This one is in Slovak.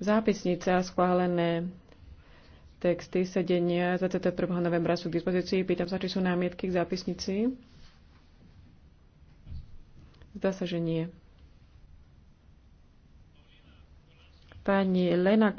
Zápisnica schválené texty sedenia 21. novembra sú k dispozícii. Pýtam sa, či sú námietky k zápisnici. Zdá sa, že nie. Pani Lena